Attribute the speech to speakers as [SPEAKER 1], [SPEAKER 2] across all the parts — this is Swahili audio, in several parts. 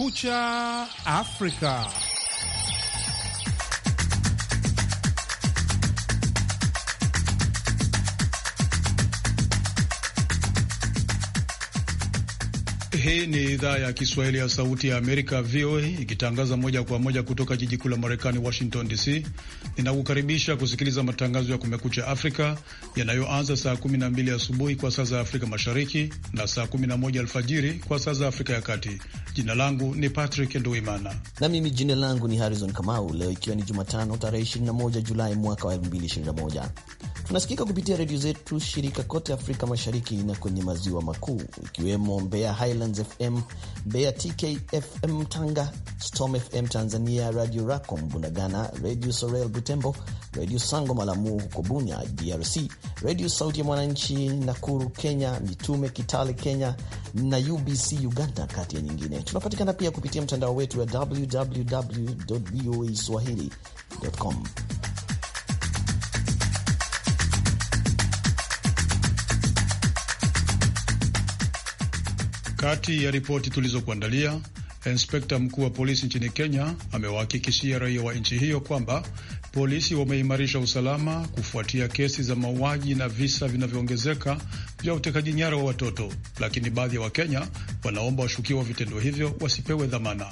[SPEAKER 1] Kumekucha Africa. Hii ni idhaa ya Kiswahili ya Sauti ya Amerika, VOA, ikitangaza moja kwa moja kutoka jiji kuu la Marekani, Washington DC. Ninakukaribisha kusikiliza matangazo ya Kumekucha Afrika yanayoanza saa 12 asubuhi kwa saa za Afrika Mashariki na saa 11 alfajiri kwa saa za Afrika ya Kati. Jina langu ni Patrick Nduimana na mimi jina
[SPEAKER 2] langu ni Harrison Kamau. Leo ikiwa ni Jumatano tarehe 21 Julai mwaka wa 2021 Tunasikika kupitia redio zetu shirika kote Afrika Mashariki na kwenye maziwa makuu ikiwemo Mbeya Highlands FM, Mbeya TKFM Tanga, Storm FM Tanzania, Radio Racom Bunagana, Radio Sorel Butembo, Radio Sango Malamu huko Bunya DRC, Radio Sauti ya Mwananchi Nakuru Kenya, Mitume Kitale Kenya na UBC Uganda, kati ya nyingine. Tunapatikana pia kupitia mtandao wetu wa www voa swahili.com.
[SPEAKER 1] Kati ya ripoti tulizokuandalia, inspekta mkuu wa polisi nchini Kenya amewahakikishia raia wa nchi hiyo kwamba polisi wameimarisha usalama kufuatia kesi za mauaji na visa vinavyoongezeka vya utekaji nyara wa watoto, lakini baadhi ya Wakenya wanaomba washukiwa wa vitendo hivyo wasipewe dhamana.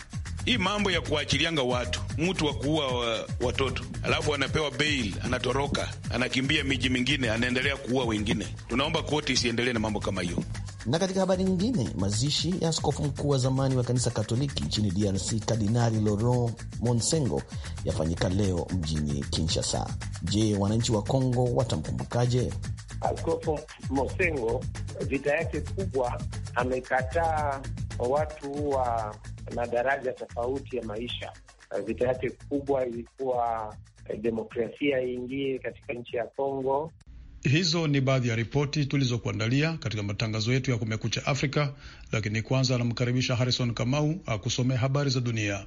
[SPEAKER 1] Hii mambo ya kuachilianga watu, mtu wa kuua wa, uh, watoto alafu anapewa bail, anatoroka, anakimbia miji mingine, anaendelea kuua wengine. Tunaomba koti isiendelee na mambo kama hiyo.
[SPEAKER 2] Na katika habari nyingine, mazishi ya askofu mkuu wa zamani wa kanisa Katoliki nchini DRC Kardinali Laurent Monsengo yafanyika leo mjini Kinshasa. Je, wananchi wa Kongo watamkumbukaje?
[SPEAKER 3] Askofu Monsengo vita yake kubwa, amekataa watu wa madaraja tofauti ya maisha. Uh, vita yake kubwa ilikuwa uh, demokrasia iingie katika nchi ya Kongo.
[SPEAKER 1] Hizo ni baadhi ya ripoti tulizokuandalia katika matangazo yetu ya Kumekucha Afrika, lakini kwanza anamkaribisha Harrison Kamau akusomea habari za dunia.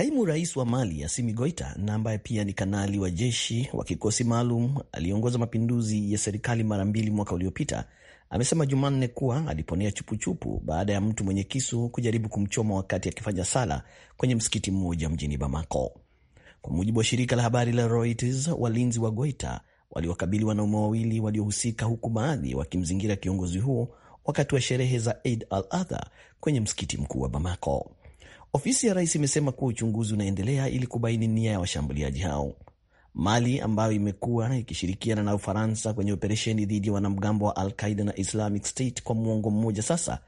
[SPEAKER 2] Kaimu rais wa Mali Assimi Goita na ambaye pia ni kanali wa jeshi wa kikosi maalum aliyeongoza mapinduzi ya serikali mara mbili mwaka uliopita amesema Jumanne kuwa aliponea chupuchupu baada ya mtu mwenye kisu kujaribu kumchoma wakati akifanya sala kwenye msikiti mmoja mjini Bamako. Kwa mujibu wa shirika la habari la Reuters, walinzi wa Goita waliwakabili wanaume wawili waliohusika, huku baadhi wakimzingira kiongozi huo wakati wa sherehe za Eid al-Adha kwenye msikiti mkuu wa Bamako. Ofisi ya rais imesema kuwa uchunguzi unaendelea ili kubaini nia ya washambuliaji hao. Mali ambayo imekuwa ikishirikiana na Ufaransa kwenye operesheni dhidi ya wanamgambo wa Al Qaida na Islamic State kwa muongo mmoja sasa,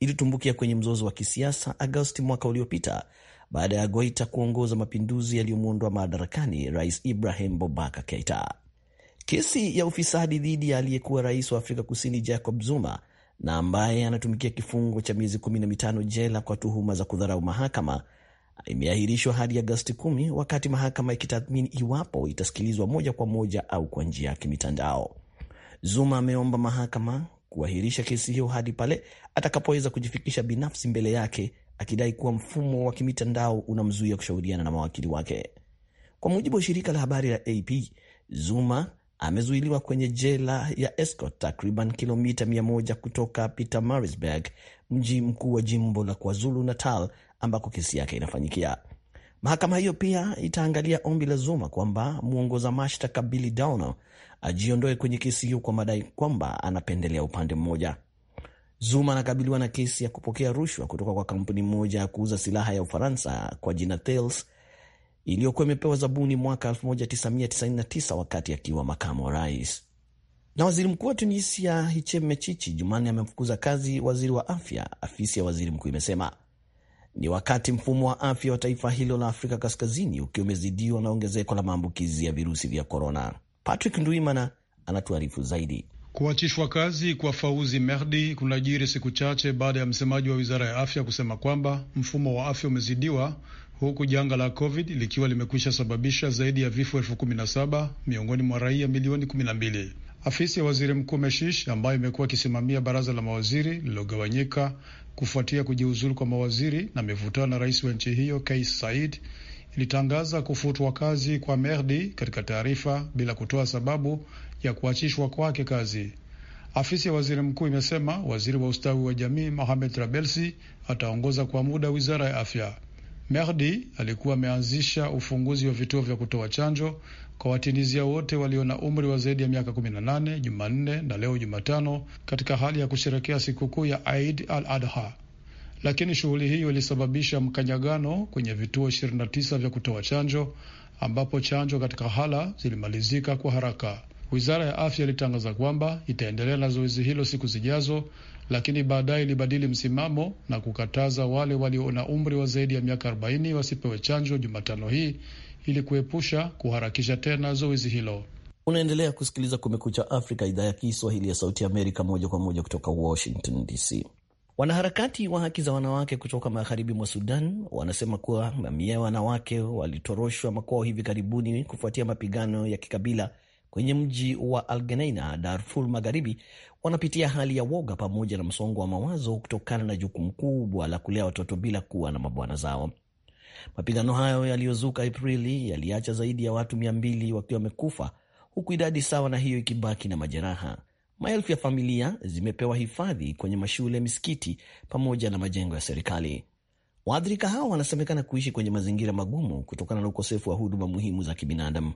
[SPEAKER 2] ilitumbukia kwenye mzozo wa kisiasa Agosti mwaka uliopita baada ya Goita kuongoza mapinduzi yaliyomwondoa madarakani Rais Ibrahim bobakar Keita. Kesi ya ufisadi dhidi ya aliyekuwa rais wa Afrika Kusini Jacob Zuma na ambaye anatumikia kifungo cha miezi kumi na mitano jela kwa tuhuma za kudharau mahakama imeahirishwa hadi Agosti kumi wakati mahakama ikitathmini iwapo itasikilizwa moja kwa moja au kwa njia ya kimitandao. Zuma ameomba mahakama kuahirisha kesi hiyo hadi pale atakapoweza kujifikisha binafsi mbele yake, akidai kuwa mfumo wa kimitandao unamzuia kushauriana na mawakili wake. Kwa mujibu wa shirika la habari la AP, Zuma amezuiliwa kwenye jela ya Escot takriban kilomita 100 kutoka Pietermaritzburg, mji mkuu wa jimbo la KwaZulu Natal ambako kesi yake inafanyikia. Mahakama hiyo pia itaangalia ombi la Zuma kwamba mwongoza mashtaka Billy Downer ajiondoe kwenye kesi hiyo kwa madai kwamba anapendelea upande mmoja. Zuma anakabiliwa na kesi ya kupokea rushwa kutoka kwa kampuni moja ya kuuza silaha ya Ufaransa kwa jina Thales iliyokuwa imepewa zabuni mwaka 1999 wakati akiwa makamu wa rais. Na waziri mkuu wa Tunisia Hichem Mechichi Jumanne amemfukuza kazi waziri wa afya, afisi ya waziri mkuu imesema. Ni wakati mfumo wa afya wa taifa hilo la Afrika Kaskazini ukiwa umezidiwa na ongezeko la maambukizi ya virusi vya korona. Patrick Nduimana anatuarifu zaidi.
[SPEAKER 1] Kuachishwa kazi kwa Fauzi Merdi kunajiri siku chache baada ya msemaji wa wizara ya afya kusema kwamba mfumo wa afya umezidiwa huku janga la COVID likiwa limekwisha sababisha zaidi ya vifo elfu kumi na saba miongoni mwa raia milioni kumi na mbili. Afisi ya waziri mkuu Meshish, ambayo imekuwa ikisimamia baraza la mawaziri lililogawanyika kufuatia kujiuzulu kwa mawaziri na mivutano na rais wa nchi hiyo Kais Said, ilitangaza kufutwa kazi kwa Merdi katika taarifa bila kutoa sababu ya kuachishwa kwake kazi. Afisi ya waziri mkuu imesema waziri wa ustawi wa jamii Mohamed rabelsi ataongoza kwa muda wizara ya afya. Merdi alikuwa ameanzisha ufunguzi wa vituo vya kutoa chanjo kwa watinizia wote walio na umri wa zaidi ya miaka 18 Jumanne na leo Jumatano, katika hali ya kusherekea sikukuu ya Eid al Adha, lakini shughuli hiyo ilisababisha mkanyagano kwenye vituo 29 vya kutoa chanjo ambapo chanjo katika hala zilimalizika kwa haraka. Wizara ya afya ilitangaza kwamba itaendelea na zoezi hilo siku zijazo lakini baadaye ilibadili msimamo na kukataza wale walio na umri wa zaidi ya miaka 40 wasipewe chanjo Jumatano hii ili kuepusha kuharakisha tena zoezi hilo. Unaendelea kusikiliza
[SPEAKER 2] Kumekucha Afrika, idhaa ya Kiswahili ya Sauti Amerika, moja kwa moja kutoka Washington DC. Wanaharakati wa haki za wanawake kutoka magharibi mwa Sudan wanasema kuwa mamia ya wanawake walitoroshwa makwao hivi karibuni kufuatia mapigano ya kikabila kwenye mji wa Algeneina, Darfur Magharibi, wanapitia hali ya woga pamoja na msongo wa mawazo kutokana na jukumu kubwa la kulea watoto bila kuwa na mabwana zao. Mapigano hayo yaliyozuka Aprili yaliacha zaidi ya watu mia mbili wakiwa wamekufa huku idadi sawa na hiyo ikibaki na majeraha. Maelfu ya familia zimepewa hifadhi kwenye mashule, misikiti pamoja na majengo ya serikali. Waathirika hao wanasemekana kuishi kwenye mazingira magumu kutokana na ukosefu wa huduma muhimu za kibinadamu.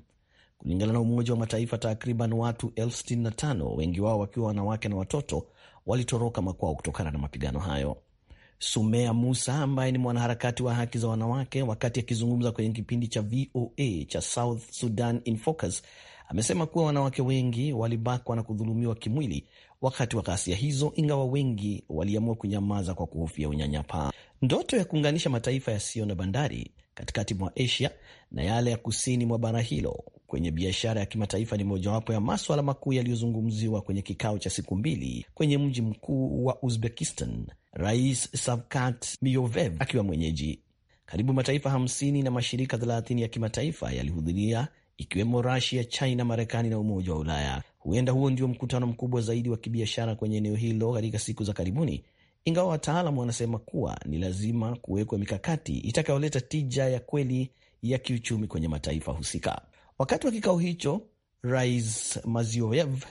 [SPEAKER 2] Kulingana na Umoja wa Mataifa, takriban watu elfu sitini na tano, wengi wao wakiwa wanawake na watoto, walitoroka makwao kutokana na mapigano hayo. Sumea Musa ambaye ni mwanaharakati wa haki za wanawake, wakati akizungumza kwenye kipindi cha VOA cha South Sudan in Focus, amesema kuwa wanawake wengi walibakwa na kudhulumiwa kimwili wakati wa ghasia hizo, ingawa wengi waliamua kunyamaza kwa kuhofia unyanyapaa. Ndoto ya kuunganisha mataifa yasiyo na bandari katikati mwa Asia na yale ya kusini mwa bara hilo kwenye biashara ya kimataifa ni mojawapo ya maswala makuu yaliyozungumziwa kwenye kikao cha siku mbili kwenye mji mkuu wa Uzbekistan, Rais Shavkat Mirziyoyev akiwa mwenyeji. Karibu mataifa hamsini na mashirika thelathini ya kimataifa yalihudhuria ikiwemo Rusia, China, Marekani na Umoja wa Ulaya. Huenda huo ndio mkutano mkubwa zaidi wa kibiashara kwenye eneo hilo katika siku za karibuni, ingawa wataalam wanasema kuwa ni lazima kuwekwa mikakati itakayoleta tija ya kweli ya kiuchumi kwenye mataifa husika. Wakati wa kikao hicho, Rais Mazioev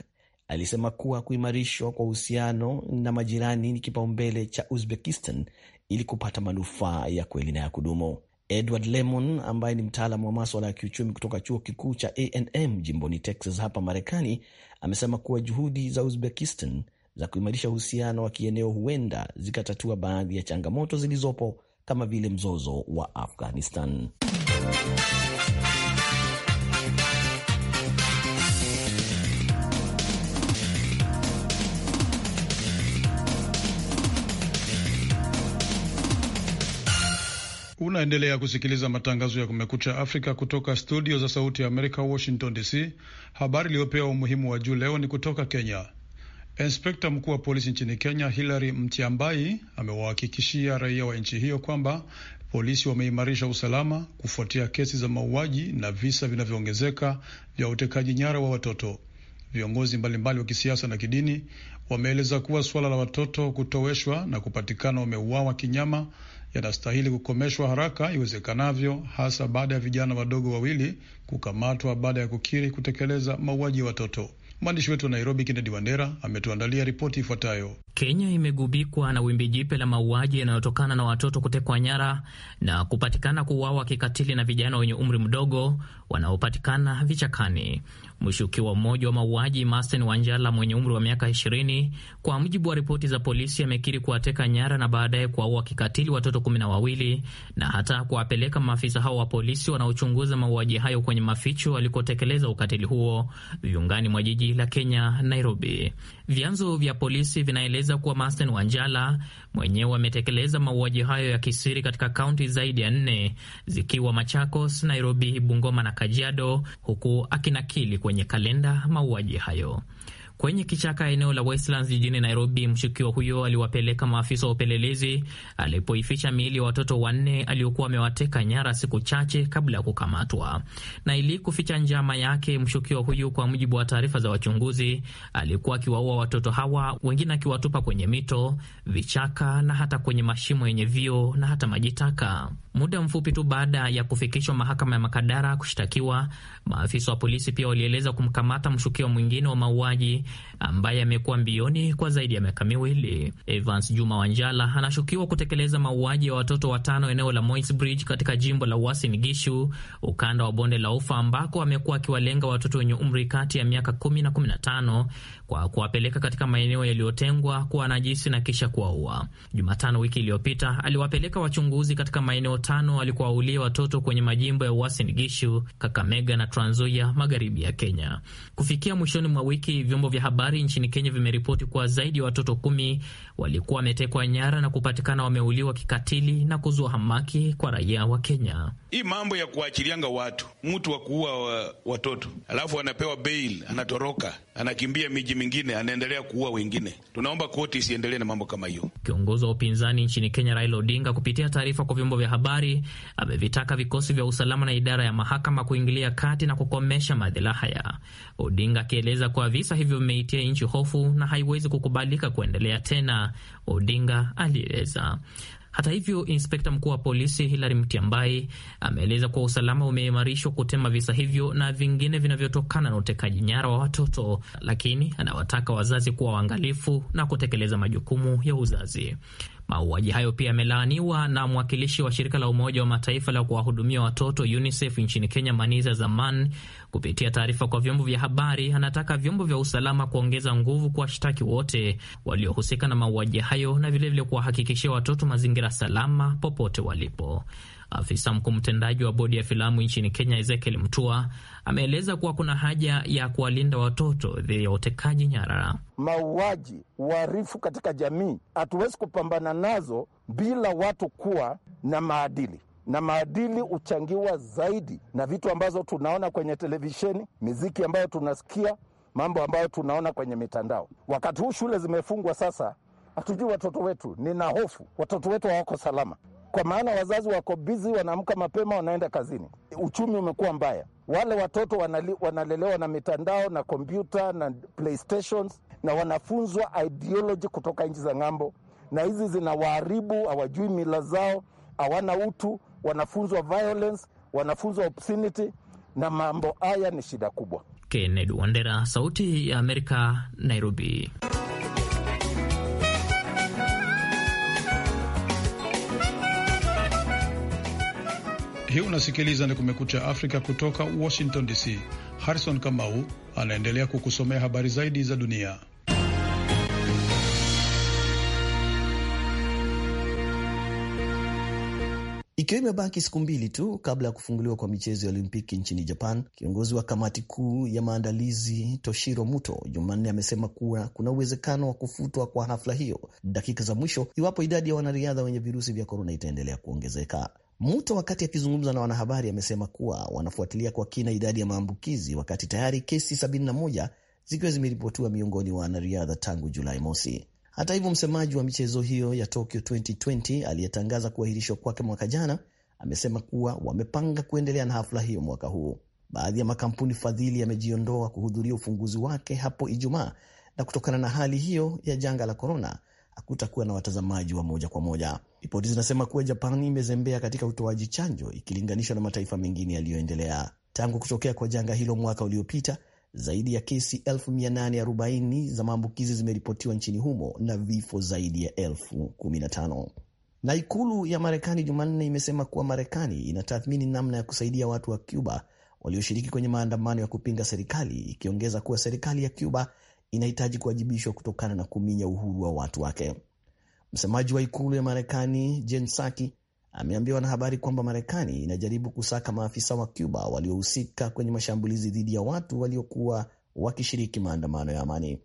[SPEAKER 2] alisema kuwa kuimarishwa kwa uhusiano na majirani ni kipaumbele cha Uzbekistan ili kupata manufaa ya kweli na ya kudumu. Edward Lemon ambaye ni mtaalamu wa maswala ya kiuchumi kutoka chuo kikuu cha A&M jimboni Texas hapa Marekani amesema kuwa juhudi za Uzbekistan za kuimarisha uhusiano wa kieneo huenda zikatatua baadhi ya changamoto zilizopo kama vile mzozo wa Afghanistan.
[SPEAKER 1] Unaendelea kusikiliza matangazo ya Kumekucha Afrika kutoka studio za Sauti ya Amerika, Washington DC. Habari iliyopewa umuhimu wa juu leo ni kutoka Kenya. Inspekta mkuu wa polisi nchini Kenya Hilary Mtiambai amewahakikishia raia wa nchi hiyo kwamba polisi wameimarisha usalama kufuatia kesi za mauaji na visa vinavyoongezeka vya utekaji nyara wa watoto. Viongozi mbalimbali wa kisiasa na kidini wameeleza kuwa suala la watoto kutoweshwa na kupatikana wameuawa kinyama yanastahili kukomeshwa haraka iwezekanavyo, hasa baada ya vijana wadogo wawili kukamatwa baada ya kukiri kutekeleza mauaji ya watoto. Mwandishi wetu wa Nairobi, Kennedi Wandera, ametuandalia ripoti ifuatayo.
[SPEAKER 4] Kenya imegubikwa na wimbi jipya la mauaji yanayotokana na watoto kutekwa nyara na kupatikana kuuawa kikatili na vijana wenye umri mdogo wanaopatikana vichakani. Mshukiwa mmoja wa mauaji Masten Wanjala mwenye umri wa miaka 20, kwa mujibu wa ripoti za polisi, amekiri kuwateka nyara na baadaye kuwaua kikatili watoto kumi na wawili na hata kuwapeleka maafisa hao wa polisi wanaochunguza mauaji hayo kwenye maficho alikotekeleza ukatili huo viungani mwa jiji la Kenya, Nairobi. Vyanzo vya polisi vinaeleza kuwa Masten Wanjala mwenyewe ametekeleza mauaji hayo ya kisiri katika kaunti zaidi ya nne zikiwa Machakos, Nairobi, Bungoma na Kajiado, huku akinakili kwenye kwenye kalenda mauaji hayo. Kwenye kichaka eneo la Westlands jijini Nairobi, mshukiwa huyo aliwapeleka maafisa wa upelelezi alipoificha miili ya watoto wanne aliokuwa amewateka nyara siku chache kabla ya kukamatwa. Na ili kuficha njama yake, mshukiwa huyu, kwa mujibu wa taarifa za wachunguzi, alikuwa akiwaua watoto hawa, wengine akiwatupa kwenye mito, vichaka na hata kwenye mashimo yenye vio na hata majitaka. Muda mfupi tu baada ya kufikishwa mahakama ya Makadara kushtakiwa, maafisa wa polisi pia walieleza kumkamata mshukiwa mwingine wa mauaji ambaye amekuwa mbioni kwa zaidi ya miaka miwili. Evans Juma Wanjala anashukiwa kutekeleza mauaji ya watoto watano eneo la Moisbridge katika jimbo la Uasin Gishu, ukanda wa bonde la Ufa, ambako amekuwa akiwalenga watoto wenye umri kati ya miaka 10 na 15 kwa kuwapeleka katika maeneo yaliyotengwa kuwa najisi na kisha kuwaua. Jumatano wiki iliyopita aliwapeleka wachunguzi katika maeneo watano walikuwa waulia watoto kwenye majimbo ya Uasin Gishu, Kakamega na Trans Nzoia, magharibi ya Kenya. Kufikia mwishoni mwa wiki, vyombo vya habari nchini Kenya vimeripoti kuwa zaidi ya watoto kumi walikuwa wametekwa nyara na kupatikana wameuliwa kikatili na kuzua hamaki kwa raia wa Kenya.
[SPEAKER 1] Hii mambo ya kuachilianga watu, mtu wa kuua wa, watoto alafu anapewa bail, anatoroka, anakimbia miji mingine, anaendelea kuua wengine. Tunaomba koti isiendelee na mambo kama hiyo.
[SPEAKER 4] Kiongozi wa upinzani nchini Kenya Raila Odinga, kupitia taarifa kwa vyombo vya habari, amevitaka vikosi vya usalama na idara ya mahakama kuingilia kati na kukomesha madhila haya, Odinga akieleza kuwa visa hivyo vimeitia nchi hofu na haiwezi kukubalika kuendelea tena. Odinga alieleza hata hivyo, inspekta mkuu wa polisi Hilary Mtiambai ameeleza kuwa usalama umeimarishwa kutema visa hivyo na vingine vinavyotokana na utekaji nyara wa watoto, lakini anawataka wazazi kuwa waangalifu na kutekeleza majukumu ya uzazi. Mauaji hayo pia yamelaaniwa na mwakilishi wa shirika la Umoja wa Mataifa la kuwahudumia watoto UNICEF nchini Kenya, Manisa Zaman, kupitia taarifa kwa vyombo vya habari, anataka vyombo vya usalama kuongeza nguvu kuwashtaki wote waliohusika na mauaji hayo na vilevile kuwahakikishia watoto mazingira salama popote walipo. Afisa mkuu mtendaji wa bodi ya filamu nchini Kenya Ezekiel mtua ameeleza kuwa kuna haja ya kuwalinda watoto dhidi ya utekaji nyara,
[SPEAKER 5] mauaji, uharifu katika jamii. Hatuwezi kupambana nazo bila watu kuwa na maadili na maadili huchangiwa zaidi na vitu ambazo tunaona kwenye televisheni, miziki ambayo tunasikia, mambo ambayo tunaona kwenye mitandao. Wakati huu shule zimefungwa, sasa hatujui watoto wetu. Nina hofu watoto wetu hawako salama kwa maana wazazi wako bizi, wanaamka mapema, wanaenda kazini. Uchumi umekuwa mbaya, wale watoto wanali, wanalelewa na mitandao na kompyuta na playstations, na wanafunzwa ideology kutoka nchi za ng'ambo, na hizi zinawaharibu, hawajui mila zao, hawana utu, wanafunzwa violence, wanafunzwa obscenity, na mambo haya ni shida kubwa.
[SPEAKER 4] Kennedy Wandera, Sauti ya
[SPEAKER 1] Amerika, Nairobi. Hii unasikiliza ni Kumekucha Afrika kutoka Washington DC. Harrison Kamau anaendelea kukusomea habari zaidi za dunia.
[SPEAKER 2] Ikiwa imebaki siku mbili tu kabla ya kufunguliwa kwa michezo ya Olimpiki nchini Japan, kiongozi wa kamati kuu ya maandalizi Toshiro Muto Jumanne amesema kuwa kuna uwezekano wa kufutwa kwa hafla hiyo dakika za mwisho iwapo idadi ya wanariadha wenye virusi vya korona itaendelea kuongezeka muto wakati akizungumza na wanahabari amesema kuwa wanafuatilia kwa kina idadi ya maambukizi wakati tayari kesi 71 zikiwa zimeripotiwa miongoni mwa wanariadha tangu Julai mosi. Hata hivyo, msemaji wa michezo hiyo ya Tokyo 2020 aliyetangaza kuahirishwa kwake mwaka jana amesema kuwa wamepanga kuendelea na hafla hiyo mwaka huu. Baadhi ya makampuni fadhili yamejiondoa kuhudhuria ufunguzi wake hapo Ijumaa, na kutokana na hali hiyo ya janga la korona, hakutakuwa na watazamaji wa moja kwa moja. Ripoti zinasema kuwa Japan imezembea katika utoaji chanjo ikilinganishwa na mataifa mengine yaliyoendelea. Tangu kutokea kwa janga hilo mwaka uliopita, zaidi ya kesi 840 za maambukizi zimeripotiwa nchini humo na vifo zaidi ya 15 Na ikulu ya Marekani Jumanne imesema kuwa Marekani inatathmini namna ya kusaidia watu wa Cuba walioshiriki kwenye maandamano ya kupinga serikali, ikiongeza kuwa serikali ya Cuba inahitaji kuwajibishwa kutokana na kuminya uhuru wa watu wake. Msemaji wa ikulu ya Marekani Jen Psaki ameambia wanahabari kwamba Marekani inajaribu kusaka maafisa wa Cuba waliohusika kwenye mashambulizi dhidi ya watu waliokuwa wakishiriki maandamano ya amani.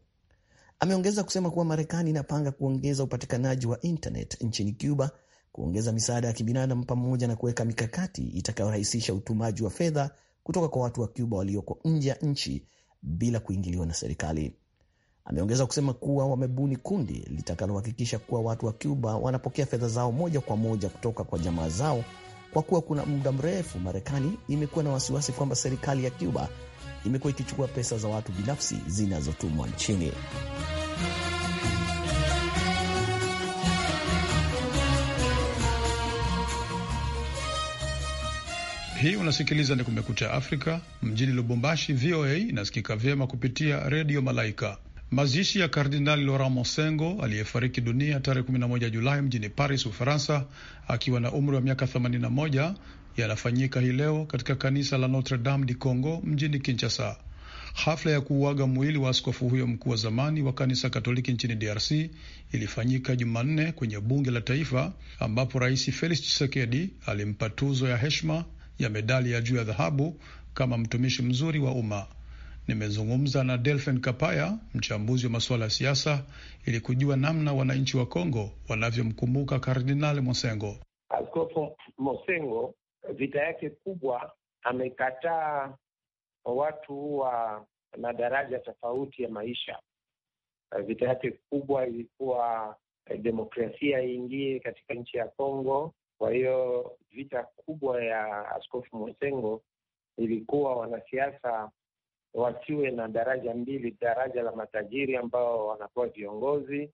[SPEAKER 2] Ameongeza kusema kuwa Marekani inapanga kuongeza upatikanaji wa internet nchini Cuba, kuongeza misaada ya kibinadamu, pamoja na kuweka mikakati itakayorahisisha utumaji wa fedha kutoka kwa watu wa Cuba walioko nje ya nchi bila kuingiliwa na serikali. Ameongeza kusema kuwa wamebuni kundi litakalohakikisha kuwa watu wa Cuba wanapokea fedha zao moja kwa moja kutoka kwa jamaa zao, kwa kuwa kuna muda mrefu Marekani imekuwa na wasiwasi kwamba serikali ya Cuba imekuwa ikichukua pesa za watu binafsi zinazotumwa
[SPEAKER 1] nchini. Hii unasikiliza ni Kumekucha Afrika mjini Lubumbashi. VOA inasikika vyema kupitia Redio Malaika. Mazishi ya Kardinali Laurent Monsengo aliyefariki dunia tarehe 11 Julai mjini Paris, Ufaransa, akiwa na umri wa miaka 81 yanafanyika hii leo katika kanisa la Notre Dame du Congo mjini Kinshasa. Hafla ya kuuaga mwili wa askofu huyo mkuu wa zamani wa kanisa Katoliki nchini DRC ilifanyika Jumanne kwenye bunge la taifa, ambapo Rais Felix Tshisekedi alimpa tuzo ya heshima ya medali ya juu ya dhahabu kama mtumishi mzuri wa umma. Nimezungumza na Delphin Kapaya, mchambuzi wa masuala ya siasa, ili kujua namna wananchi wa Kongo wanavyomkumbuka Kardinali Mosengo.
[SPEAKER 3] Askofu Mosengo, vita yake kubwa, amekataa watu wa madaraja tofauti ya maisha. Vita yake kubwa ilikuwa demokrasia iingie katika nchi ya Kongo. Kwa hiyo vita kubwa ya Askofu Mosengo ilikuwa wanasiasa wasiwe na daraja mbili, daraja la matajiri ambao wanakuwa viongozi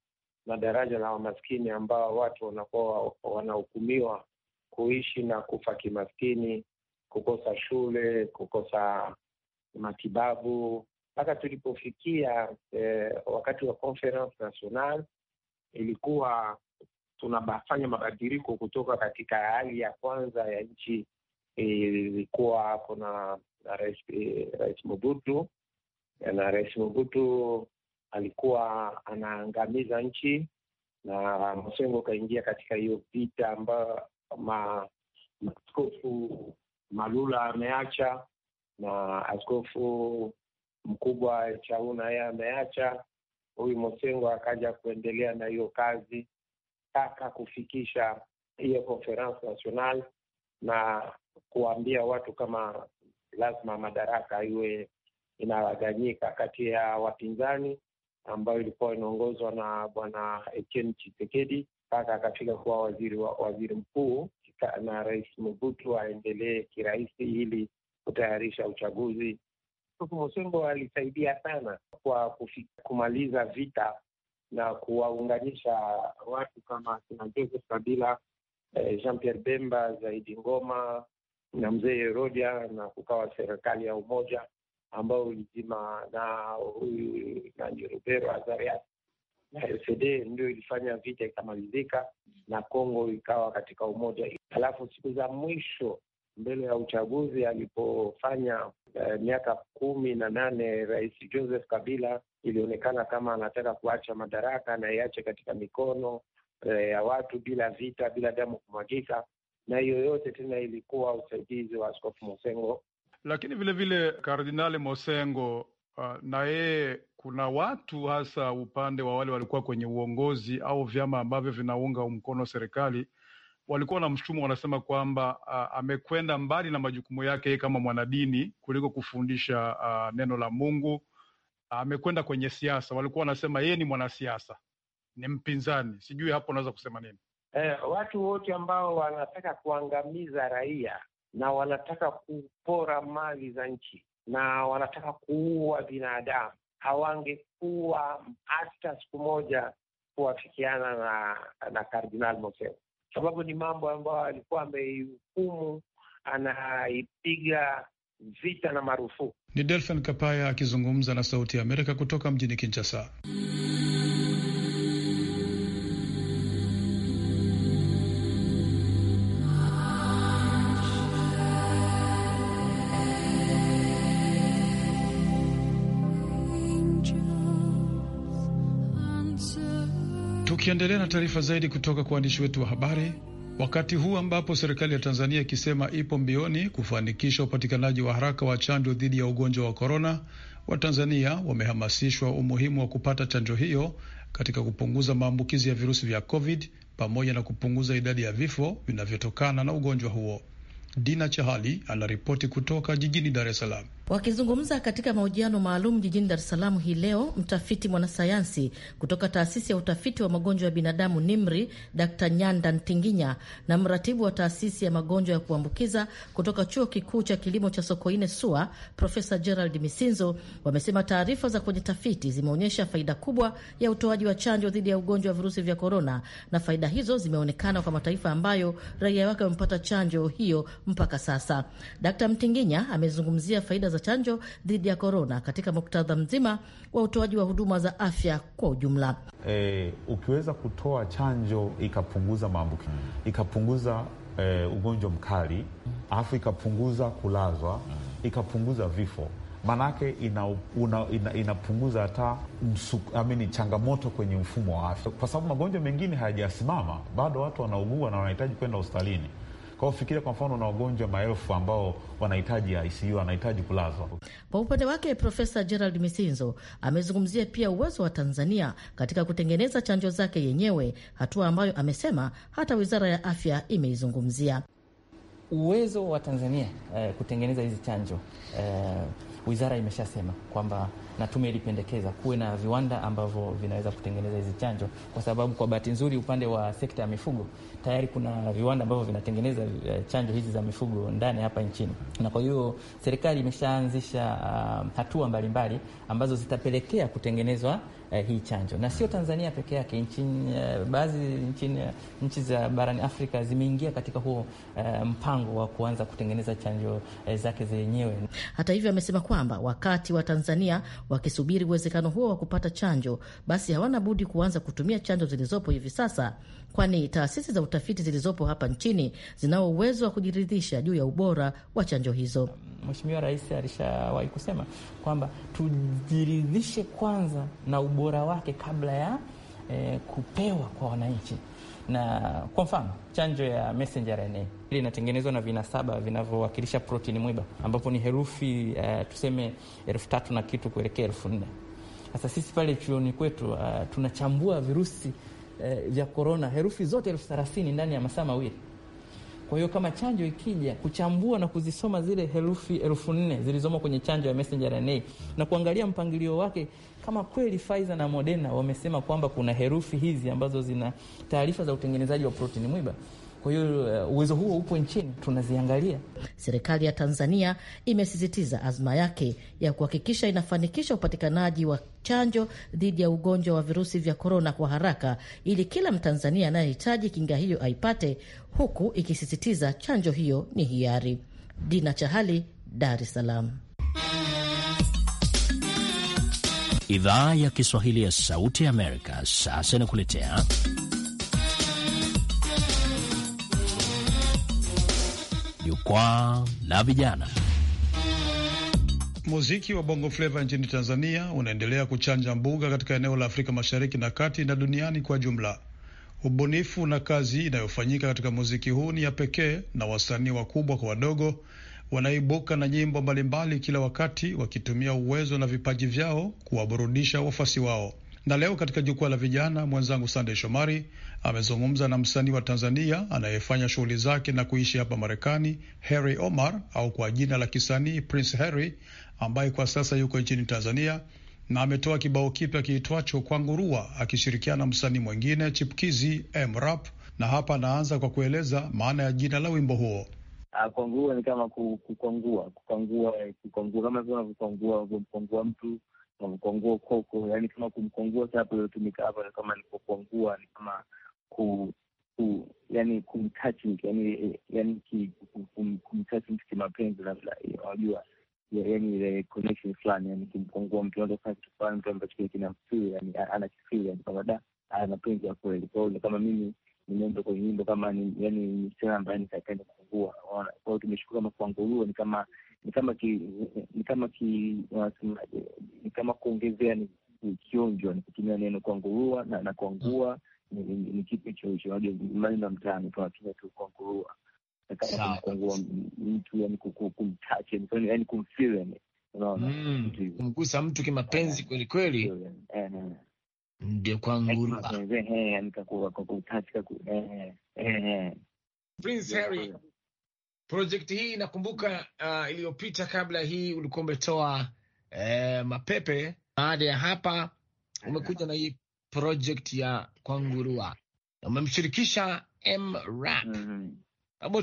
[SPEAKER 3] na daraja la wamaskini ambao watu wanakuwa wanahukumiwa kuishi na kufa kimaskini, kukosa shule, kukosa matibabu mpaka tulipofikia eh, wakati wa conference national ilikuwa tunafanya mabadiliko kutoka katika hali ya kwanza ya nchi, ilikuwa kuna na rais, eh, rais Mobutu na rais Mobutu alikuwa anaangamiza nchi na Masengo ukaingia katika hiyo vita ambayo ma, Malula ameacha na askofu mkubwa Chauna yeye ameacha. Huyu Mosengo akaja kuendelea na hiyo kazi mpaka kufikisha hiyo conference national na kuwaambia watu kama lazima madaraka iwe inawaganyika kati ya wapinzani ambayo ilikuwa inaongozwa na bwana Etienne Tshisekedi mpaka akafika kuwa waziri wa, waziri mkuu na rais Mobutu aendelee kirahisi ili kutayarisha uchaguzi. Mosengo alisaidia sana kwa kufika, kumaliza vita na kuwaunganisha watu kama kina Joseph Kabila, eh, Jean Pierre Bemba, Zaidi Ngoma, na mzee Herodia na kukawa serikali ya umoja ambayo ulizima na huyu nani Rubero Azarias na FCD ndio ilifanya vita ikamalizika, na Kongo ikawa katika umoja. Halafu siku za mwisho mbele ya uchaguzi alipofanya eh, miaka kumi na nane Rais Joseph Kabila, ilionekana kama anataka kuacha madaraka na iache katika mikono eh, ya watu bila vita, bila damu kumwagika na hiyo yote tena ilikuwa usaidizi wa Askofu Mosengo.
[SPEAKER 1] Lakini vilevile Kardinali Mosengo uh, na yeye kuna watu hasa upande wa wale walikuwa kwenye uongozi au vyama ambavyo vinaunga mkono serikali walikuwa na mshutumu, wanasema kwamba uh, amekwenda mbali na majukumu yake kama mwanadini kuliko kufundisha uh, neno la Mungu. Uh, amekwenda kwenye siasa, walikuwa wanasema yeye ni mwanasiasa, ni mpinzani. Sijui hapo unaweza kusema nini?
[SPEAKER 3] eh, watu wote ambao wanataka kuangamiza raia na wanataka kupora mali za nchi na wanataka kuua binadamu hawangekuwa hata siku moja kuwafikiana na na Kardinal Moseo, sababu ni mambo ambayo alikuwa ameihukumu, anaipiga
[SPEAKER 1] vita na marufuku. Ni Delphin Kapaya akizungumza na Sauti ya Amerika kutoka mjini Kinshasa. Tukiendelea na taarifa zaidi kutoka kwa waandishi wetu wa habari, wakati huu ambapo serikali ya Tanzania ikisema ipo mbioni kufanikisha upatikanaji wa haraka wa chanjo dhidi ya ugonjwa wa korona, Watanzania wamehamasishwa umuhimu wa kupata chanjo hiyo katika kupunguza maambukizi ya virusi vya COVID pamoja na kupunguza idadi ya vifo vinavyotokana na ugonjwa huo. Dina Chahali anaripoti kutoka jijini Dar es Salaam.
[SPEAKER 6] Wakizungumza katika mahojiano maalum jijini Dar es Salaam hii leo, mtafiti mwanasayansi kutoka taasisi ya utafiti wa magonjwa ya binadamu NIMRI, Dr Nyanda Ntinginya, na mratibu wa taasisi ya magonjwa ya kuambukiza kutoka chuo kikuu cha kilimo cha Sokoine SUA, Profesa Gerald Misinzo, wamesema taarifa za kwenye tafiti zimeonyesha faida kubwa ya utoaji wa chanjo dhidi ya ugonjwa wa virusi vya korona, na faida hizo zimeonekana kwa mataifa ambayo raia wake wamepata chanjo hiyo mpaka sasa. Dr Mtinginya amezungumzia faida za chanjo dhidi ya korona katika muktadha mzima wa utoaji wa huduma za afya kwa ujumla.
[SPEAKER 1] E, ukiweza kutoa chanjo ikapunguza maambukizi ikapunguza e, ugonjwa mkali alafu ikapunguza kulazwa ikapunguza vifo maanake inapunguza ina, ina hata amini changamoto kwenye mfumo wa afya, kwa sababu magonjwa mengine hayajasimama bado, watu wanaugua na wanahitaji kwenda hospitalini. Kwa fikiria, kwa mfano, na wagonjwa maelfu ambao wanahitaji ICU, wanahitaji kulazwa.
[SPEAKER 6] Kwa upande wake, Profesa Gerald Misinzo amezungumzia pia uwezo wa Tanzania katika kutengeneza chanjo zake yenyewe, hatua ambayo amesema hata wizara ya afya imeizungumzia uwezo wa Tanzania
[SPEAKER 7] eh, kutengeneza hizi chanjo eh, wizara imeshasema kwamba na tume ilipendekeza kuwe na viwanda ambavyo vinaweza kutengeneza hizi chanjo, kwa sababu kwa bahati nzuri upande wa sekta ya mifugo tayari kuna viwanda ambavyo vinatengeneza eh, chanjo hizi za mifugo ndani hapa nchini, na kwa hiyo serikali imeshaanzisha uh, hatua mbalimbali ambazo zitapelekea kutengenezwa eh, hii chanjo, na sio Tanzania peke yake. Nchini eh, baadhi nchini nchi za barani Afrika zimeingia katika huo eh, mpango wa kuanza kutengeneza chanjo eh, zake
[SPEAKER 6] zenyewe. Hata hivyo, amesema kwamba wakati wa Tanzania wakisubiri uwezekano huo wa kupata chanjo, basi hawana budi kuanza kutumia chanjo zilizopo hivi sasa, kwani taasisi za utafiti zilizopo hapa nchini zinao uwezo wa kujiridhisha juu ya ubora wa chanjo hizo. Mheshimiwa Rais alishawahi kusema kwamba tujiridhishe kwanza
[SPEAKER 7] na ubora wake kabla ya eh, kupewa kwa wananchi. Na kwa mfano chanjo ya messenger RNA ile inatengenezwa na vinasaba vinavyowakilisha protini mwiba, ambapo ni herufi eh, tuseme elfu tatu na kitu kuelekea elfu nne. Sasa sisi pale chuoni kwetu uh, tunachambua virusi uh, vya korona herufi zote elfu thelathini ndani ya masaa mawili. Kwa hiyo kama chanjo ikija kuchambua na kuzisoma zile herufi elfu nne zilizomo kwenye chanjo ya messenger RNA na kuangalia mpangilio wake, kama kweli Pfizer na Moderna wamesema kwamba kuna herufi hizi ambazo zina taarifa za utengenezaji wa protini
[SPEAKER 6] mwiba kwa hiyo eh, uwezo huo upo nchini, tunaziangalia. Serikali ya Tanzania imesisitiza azma yake ya kuhakikisha inafanikisha upatikanaji wa chanjo dhidi ya ugonjwa wa virusi vya korona kwa haraka ili kila Mtanzania anayehitaji kinga hiyo aipate, huku ikisisitiza chanjo hiyo ni hiari. Dina Chahali, Dar es Salaam.
[SPEAKER 4] Idhaa ya Kiswahili ya Sauti ya Amerika sasa inakuletea
[SPEAKER 1] jukwaa la vijana. Muziki wa bongo fleva nchini Tanzania unaendelea kuchanja mbuga katika eneo la Afrika Mashariki na kati na duniani kwa jumla. Ubunifu na kazi inayofanyika katika muziki huu ni ya pekee, na wasanii wakubwa kwa wadogo wanaibuka na nyimbo mbalimbali kila wakati, wakitumia uwezo na vipaji vyao kuwaburudisha wafuasi wao. Na leo katika jukwaa la vijana, mwenzangu Sandey Shomari amezungumza na msanii wa Tanzania anayefanya shughuli zake na kuishi hapa Marekani, Harry Omar au kwa jina la kisanii Prince Harry, ambaye kwa sasa yuko nchini Tanzania na ametoa kibao kipya kiitwacho Kwa Ngurua akishirikiana na msanii mwingine Chipkizi Mrap, na hapa anaanza kwa kueleza maana ya jina la wimbo huo.
[SPEAKER 8] Ah, Kwangurua ni kama kukwangua, kukwangua, kukwangua kama hivyo unavyokangua, kumkwangua mtu unavyokangua koko, yani kama kumkwangua. Saa hapo iliyotumika hapa ni kama nilipokwangua, ni kama ku, ku yani kumtachi yani yani ki, kumtachi kumtouching kimapenzi labda unajua yani ile connection fulani yani kimkongua mtu ndo kitu fulani mtu ambacho kile kinamsiri yani anakifiri yani kwamba da ana mapenzi ya kweli kwa hiyo kama mimi nimeenda kwenye nyimbo kama ni yani ni sana ambaye nitapenda kufungua unaona kwa hiyo tumeshukuru kama kuanguliwa ni kama ni kama ki ni kama ki unasema ni kama kuongezea ni kionjo ni kutumia neno kuangurua na, na kuangua mm ni kipi hicho mali na mtaani kwa tunatumia tu kwa kurua kwa mtu yani kumtach yani kumfil unaona, mm.
[SPEAKER 5] kumgusa mtu kimapenzi eh. kweli kweli
[SPEAKER 8] eh, eh, ndio kwa yaani ngurua
[SPEAKER 5] Prince Harry. Project hii nakumbuka, uh, iliyopita kabla hii ulikuwa umetoa eh, mapepe. Baada ya hapa umekuja na hii project ya Kwangurua na umemshirikisha MRAP mm -hmm.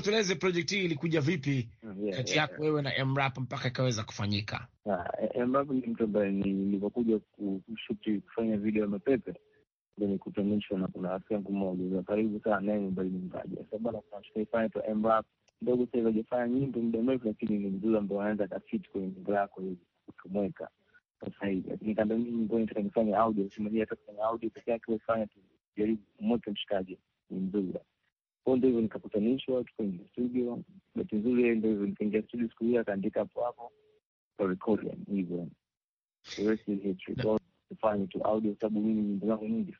[SPEAKER 5] Tueleze project hii ilikuja vipi yeah, kati yako yeah, wewe na MRAP mpaka ikaweza kufanyika?
[SPEAKER 8] Yeah, MRAP ni mtu ambaye nilivyokuja kushuti kufanya video ya mapepe ndio nikutanishwa na kuna rafiki yangu mmoja za karibu sana naye nyumbani mbaji sababu nakunashikaifanya to MRAP ndogo sasa hivi nyimbo muda mrefu, lakini ni mzuri ambao anaweza akafiti kwenye nyumba yako hivi utumweka sasa hivi, lakini kando mimi nitaka nifanye audio, simulia hata kufanya audio peke yake, wefanya moto mshikaji ni mzuri kwao. Ndo hivyo nikakutanishwa, studio. Bahati nzuri ndo hivyo nikaingia studio siku hiyo, akaandika hapo hapo hivyo tu audio, sababu mimi nyimbo zangu nyingi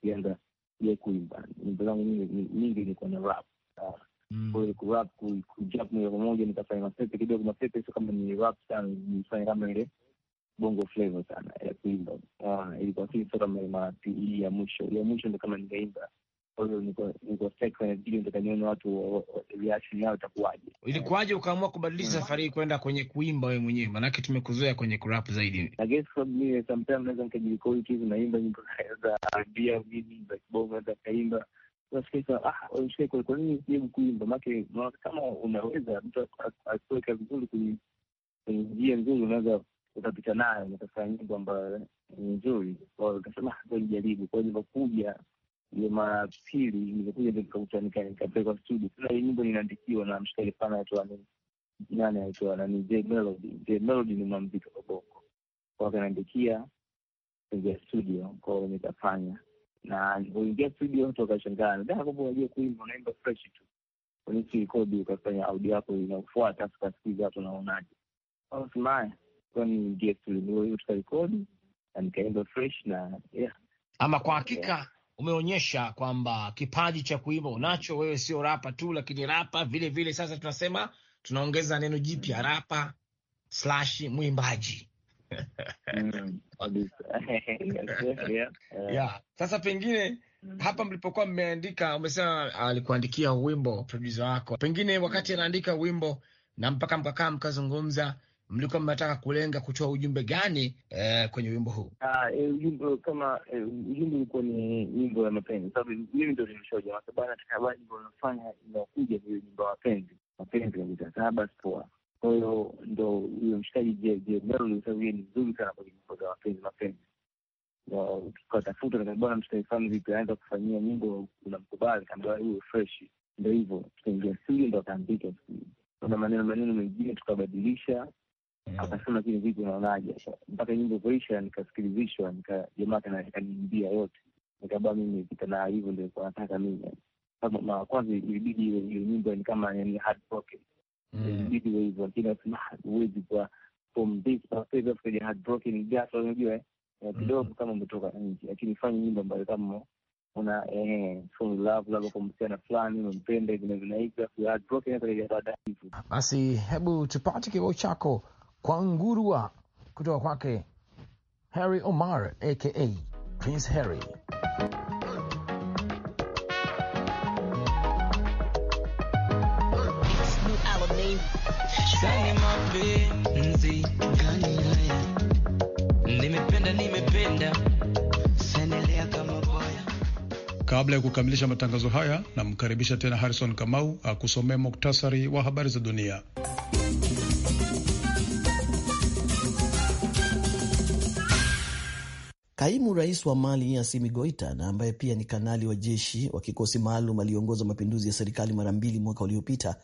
[SPEAKER 8] kuimba, nyimbo zangu nyingi rap ah. mm. kurap kujap moja kwa moja, nikafanya mapepe kidogo, mapepe sio kama ni rap sana, nifanye kama ile bongo flavo sana ya kuimba. Uh, ilikuwa si sort of my ya mwisho ya mwisho ndo kama ningeimba kwa hiyo kwenye video, watu reaction yao itakuwaje.
[SPEAKER 5] Ilikuwaje ukaamua kubadilisha hmm. safari hii kwenda kwenye kuimba wewe mwenyewe? Maanake tumekuzoea kwenye kurap zaidi.
[SPEAKER 8] guess kwa mimi sometimes naweza tu hivi naimba nyimbo za za kibongo, naweza ah, kwa nini kuimba? kama unaweza mtu vizuri kwenye njia nzuri unaweza utapita nayo, utafanya nyimbo ambayo ni nzuri. Kwao ukasema ah, jaribu. Kwao ilivyokuja ndio mara pili nilivyokuja nikakuta nikapelekwa studio. Sasa hii nyimbo inaandikiwa na mshikaji pana aitwa nani, aitwa nani, J Melody. J Melody ni mwanamuziki wa Bongo, kwao akaniandikia kuingia studio, kwao nikafanya na nilipoingia studio toka shangana da, kumbe unajua kuimba, unaimba fresh tu, unisi rekodi, ukafanya audio yako inaofuata, tukasikiliza watu naonaje. Basi mbaya ndio tulinunua hiyo tukarekodi na nikaimba fresh na yeah.
[SPEAKER 5] Ama kwa hakika yeah. Umeonyesha kwamba kipaji cha kuimba unacho wewe, sio rapa tu, lakini rapa vile vile. Sasa tunasema tunaongeza neno jipya rapa slash mwimbaji mm, yeah. Sasa pengine hapa mlipokuwa mmeandika, umesema alikuandikia wimbo produsa wako, pengine wakati anaandika wimbo na mpaka mkakaa mkazungumza mlikuwa mnataka kulenga kutoa ujumbe gani eh, kwenye wimbo huu?
[SPEAKER 8] Ujumbe ah, eh, uh, kama ujumbe eh, uh, ulikuwa ni nyimbo ya mapenzi, sababu mimi ndo nilishoja masabana takabani ndo nafanya inaokuja ni nyimbo ya mapenzi mapenzi kabisa saba sipoa kwa hiyo ndo huyo mshikaji Melody, sababu yeye ni mzuri sana kwenye nyimbo za mapenzi mapenzi. Tukatafuta kaza bwana, mtaifahamu vipi? Anaweza kufanyia nyimbo, unamkubali? Kaambia huyo fresh, ndo hivyo tukaingia siri, ndo akaandika kuna maneno maneno mengine tukabadilisha, akasema vile vitu unaonaje? Mpaka nyimbo kuisha nikasikilizishwa, jamaa kaniimbia yote, nikaba mimi kitana, hivyo ndio nataka mimi. Kwanza ilibidi hiyo nyimbo ni kama yani hard rock, mm. ilibidi hivyo, lakini nasema ah, huwezi kwa from this perspective hard rock ni unajua eh, mm-hmm. kidogo kama umetoka nje, lakini fanye nyimbo ambayo kama una eh, from love labda kwa msichana fulani umempenda, vile vile hivyo hard rock
[SPEAKER 5] Basi hebu tupate kibao chako kwa Ngurua kutoka kwake Harry Omar aka Prince Harry.
[SPEAKER 1] Kabla ya kukamilisha matangazo haya, namkaribisha tena Harrison Kamau akusomee muktasari wa habari za dunia. Kaimu rais
[SPEAKER 2] wa Mali Asimi Goita na ambaye pia ni kanali wa jeshi wa kikosi maalum aliyeongoza mapinduzi ya serikali mara mbili mwaka uliopita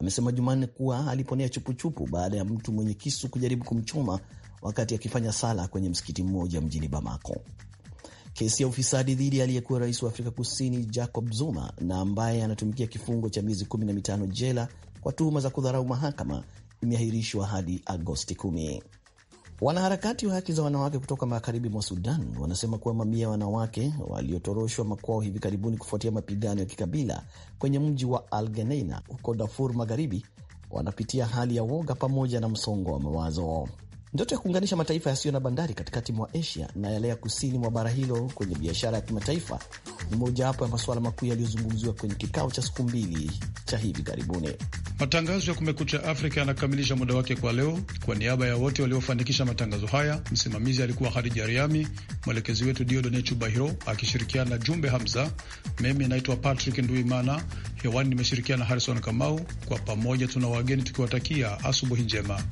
[SPEAKER 2] amesema Jumanne kuwa aliponea chupuchupu baada ya mtu mwenye kisu kujaribu kumchoma wakati akifanya sala kwenye msikiti mmoja mjini Bamako. Kesi ya ufisadi dhidi ya aliyekuwa rais wa Afrika Kusini Jacob Zuma na ambaye anatumikia kifungo cha miezi 15 jela kwa tuhuma za kudharau mahakama imeahirishwa hadi Agosti Wanaharakati wa haki za wanawake kutoka magharibi mwa Sudan wanasema kuwa mamia ya wanawake waliotoroshwa makwao hivi karibuni kufuatia mapigano ya kikabila kwenye mji wa algeneina huko Darfur Magharibi wanapitia hali ya woga pamoja na msongo wa mawazo. Ndoto ya kuunganisha mataifa yasiyo na bandari katikati mwa Asia na yale ya kusini mwa bara hilo kwenye biashara ya kimataifa ni mojawapo ya masuala makuu yaliyozungumziwa kwenye kikao cha siku mbili cha hivi karibuni.
[SPEAKER 1] Matangazo ya Kumekucha Afrika yanakamilisha muda wake kwa leo. Kwa niaba ya wote waliofanikisha matangazo haya, msimamizi alikuwa Hadija Riami, mwelekezi wetu Diodone Chubahiro akishirikiana na Jumbe Hamza. Mimi naitwa Patrick Nduimana, hewani nimeshirikiana na Harrison Kamau. Kwa pamoja tuna wageni tukiwatakia asubuhi njema.